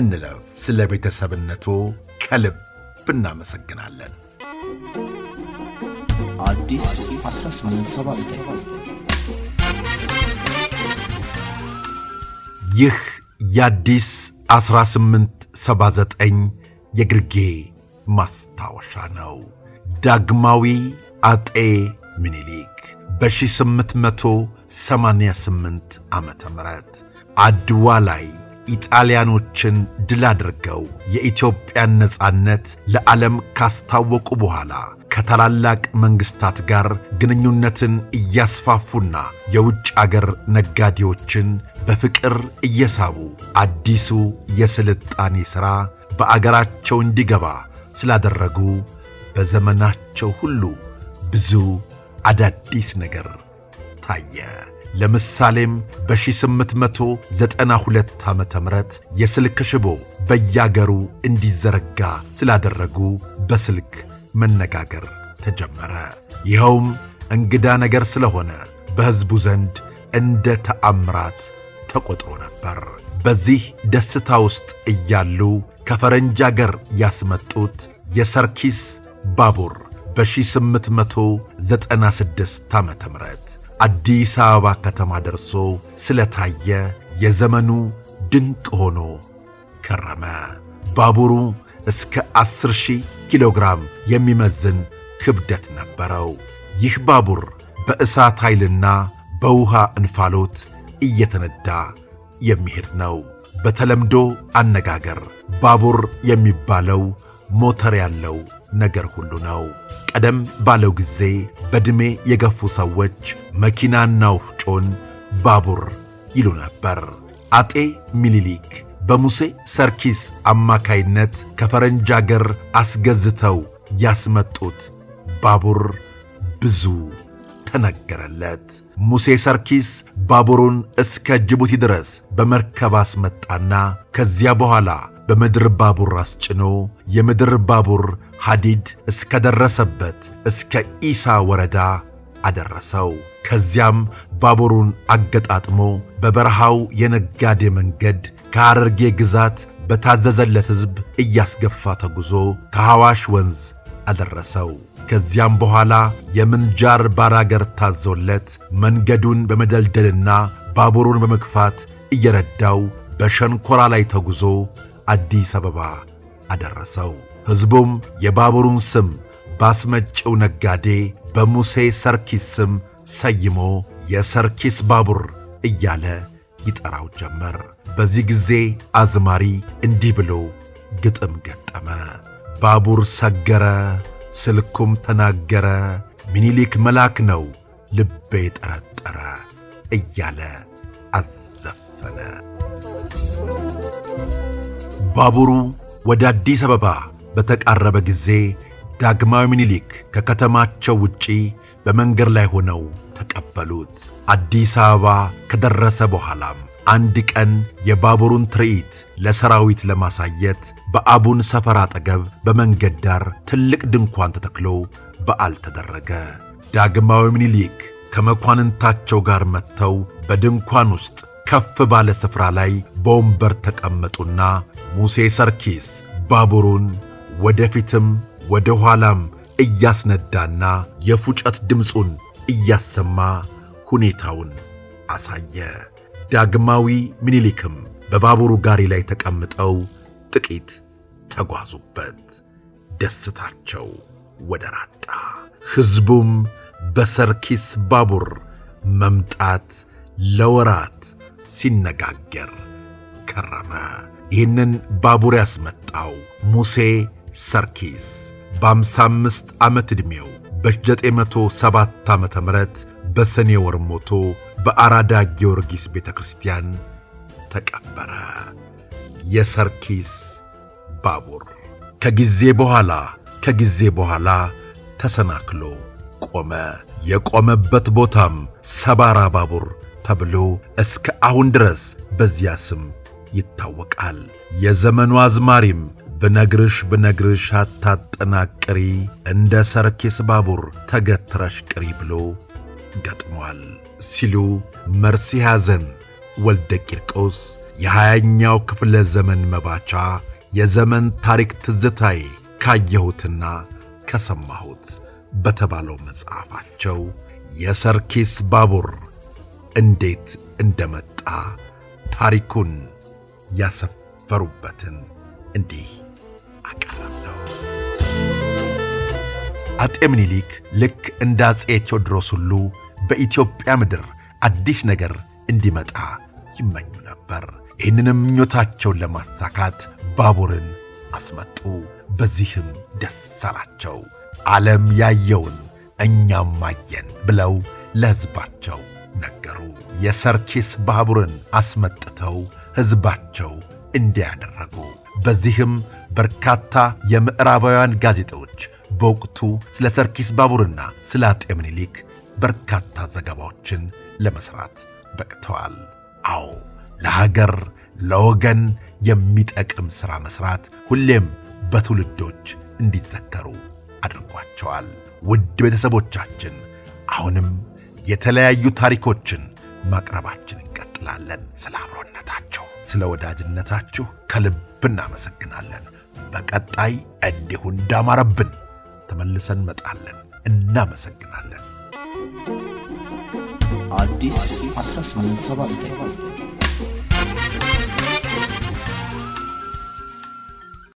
እንለፍ። ስለ ቤተሰብነቱ ከልብ እናመሰግናለን። ይህ የአዲስ 1879 የግርጌ ማስታወሻ ነው። ዳግማዊ አጤ ምኒልክ በ1888 ዓ ም አድዋ ላይ ኢጣሊያኖችን ድል አድርገው የኢትዮጵያን ነጻነት ለዓለም ካስታወቁ በኋላ ከታላላቅ መንግሥታት ጋር ግንኙነትን እያስፋፉና የውጭ አገር ነጋዴዎችን በፍቅር እየሳቡ አዲሱ የሥልጣኔ ሥራ በአገራቸው እንዲገባ ስላደረጉ በዘመናቸው ሁሉ ብዙ አዳዲስ ነገር ታየ። ለምሳሌም በ1892 ዓ ም የስልክ ሽቦ በያገሩ እንዲዘረጋ ስላደረጉ በስልክ መነጋገር ተጀመረ። ይኸውም እንግዳ ነገር ስለሆነ በሕዝቡ ዘንድ እንደ ተአምራት ተቆጥሮ ነበር። በዚህ ደስታ ውስጥ እያሉ ከፈረንጅ አገር ያስመጡት የሰርኪስ ባቡር በ1896 ዓ ም አዲስ አበባ ከተማ ደርሶ ስለታየ የዘመኑ ድንቅ ሆኖ ከረመ። ባቡሩ እስከ 10 ሺህ ኪሎ ግራም የሚመዝን ክብደት ነበረው። ይህ ባቡር በእሳት ኃይልና በውሃ እንፋሎት እየተነዳ የሚሄድ ነው። በተለምዶ አነጋገር ባቡር የሚባለው ሞተር ያለው ነገር ሁሉ ነው። ቀደም ባለው ጊዜ በዕድሜ የገፉ ሰዎች መኪናና ወፍጮን ባቡር ይሉ ነበር። አጤ ሚኒሊክ በሙሴ ሰርኪስ አማካይነት ከፈረንጅ አገር አስገዝተው ያስመጡት ባቡር ብዙ ተነገረለት። ሙሴ ሰርኪስ ባቡሩን እስከ ጅቡቲ ድረስ በመርከብ አስመጣና ከዚያ በኋላ በምድር ባቡር አስጭኖ የምድር ባቡር ሐዲድ ደረሰበት እስከ ኢሳ ወረዳ አደረሰው። ከዚያም ባቡሩን አገጣጥሞ በበረሃው የነጋዴ መንገድ ከሐረርጌ ግዛት በታዘዘለት ሕዝብ እያስገፋ ተጉዞ ከሐዋሽ ወንዝ አደረሰው። ከዚያም በኋላ የምንጃር ባራገር ታዞለት መንገዱን በመደልደልና ባቡሩን በመግፋት እየረዳው በሸንኮራ ላይ ተጉዞ አዲስ አበባ አደረሰው። ሕዝቡም የባቡሩን ስም ባስመጪው ነጋዴ በሙሴ ሰርኪስ ስም ሰይሞ የሰርኪስ ባቡር እያለ ይጠራው ጀመር። በዚህ ጊዜ አዝማሪ እንዲህ ብሎ ግጥም ገጠመ። ባቡር ሰገረ፣ ስልኩም ተናገረ፣ ሚኒሊክ መልአክ ነው ልቤ ጠረጠረ እያለ አዘፈነ። ባቡሩ ወደ አዲስ አበባ በተቃረበ ጊዜ ዳግማዊ ምኒልክ ከከተማቸው ውጪ በመንገድ ላይ ሆነው ተቀበሉት። አዲስ አበባ ከደረሰ በኋላም አንድ ቀን የባቡሩን ትርኢት ለሰራዊት ለማሳየት በአቡን ሰፈር አጠገብ በመንገድ ዳር ትልቅ ድንኳን ተተክሎ በዓል ተደረገ። ዳግማዊ ምኒልክ ከመኳንንታቸው ጋር መጥተው በድንኳን ውስጥ ከፍ ባለ ስፍራ ላይ በወንበር ተቀመጡና ሙሴ ሰርኪስ ባቡሩን ወደፊትም ወደ ኋላም እያስነዳና የፉጨት ድምፁን እያሰማ ሁኔታውን አሳየ። ዳግማዊ ምኒልክም በባቡሩ ጋሪ ላይ ተቀምጠው ጥቂት ተጓዙበት። ደስታቸው ወደ ራጣ ሕዝቡም በሰርኪስ ባቡር መምጣት ለወራት ሲነጋገር ከረመ። ይህንን ባቡር ያስመጣው ሙሴ ሰርኪስ በ55 ዓመት ዕድሜው በ907 ዓ ም በሰኔ ወር ሞቶ በአራዳ ጊዮርጊስ ቤተ ክርስቲያን ተቀበረ። የሰርኪስ ባቡር ከጊዜ በኋላ ከጊዜ በኋላ ተሰናክሎ ቆመ። የቆመበት ቦታም ሰባራ ባቡር ተብሎ እስከ አሁን ድረስ በዚያ ስም ይታወቃል። የዘመኑ አዝማሪም ብነግርሽ ብነግርሽ አታጠናቅሪ እንደ ሰርኬስ ባቡር ተገትረሽ ቅሪ ብሎ ገጥሟል ሲሉ መርሲ ሐዘን ወልደ ቂርቆስ የሀያኛው ክፍለ ዘመን መባቻ የዘመን ታሪክ ትዝታዬ ካየሁትና ከሰማሁት በተባለው መጽሐፋቸው የሰርኬስ ባቡር እንዴት እንደመጣ ታሪኩን ያሰፈሩበትን እንዲህ አጤ ምኒልክ ልክ እንደ አጼ ቴዎድሮስ ሁሉ በኢትዮጵያ ምድር አዲስ ነገር እንዲመጣ ይመኙ ነበር። ይህንንም ምኞታቸውን ለማሳካት ባቡርን አስመጡ። በዚህም ደስ አላቸው። ዓለም ያየውን እኛም አየን ብለው ለሕዝባቸው ነገሩ። የሰርኪስ ባቡርን አስመጥተው ሕዝባቸው እንዲያደረጉ በዚህም በርካታ የምዕራባውያን ጋዜጦች በወቅቱ ስለ ሰርኪስ ባቡርና ስለ አጤ ምኒልክ በርካታ ዘገባዎችን ለመስራት በቅተዋል። አዎ ለሀገር ለወገን የሚጠቅም ሥራ መሥራት ሁሌም በትውልዶች እንዲዘከሩ አድርጓቸዋል። ውድ ቤተሰቦቻችን አሁንም የተለያዩ ታሪኮችን ማቅረባችን እንቀጥላለን። ስለ አብሮነታችሁ፣ ስለ ወዳጅነታችሁ ከልብ እናመሰግናለን። በቀጣይ እንዲሁ እንዳማረብን ተመልሰን እንመጣለን። እናመሰግናለን። አዲስ 1879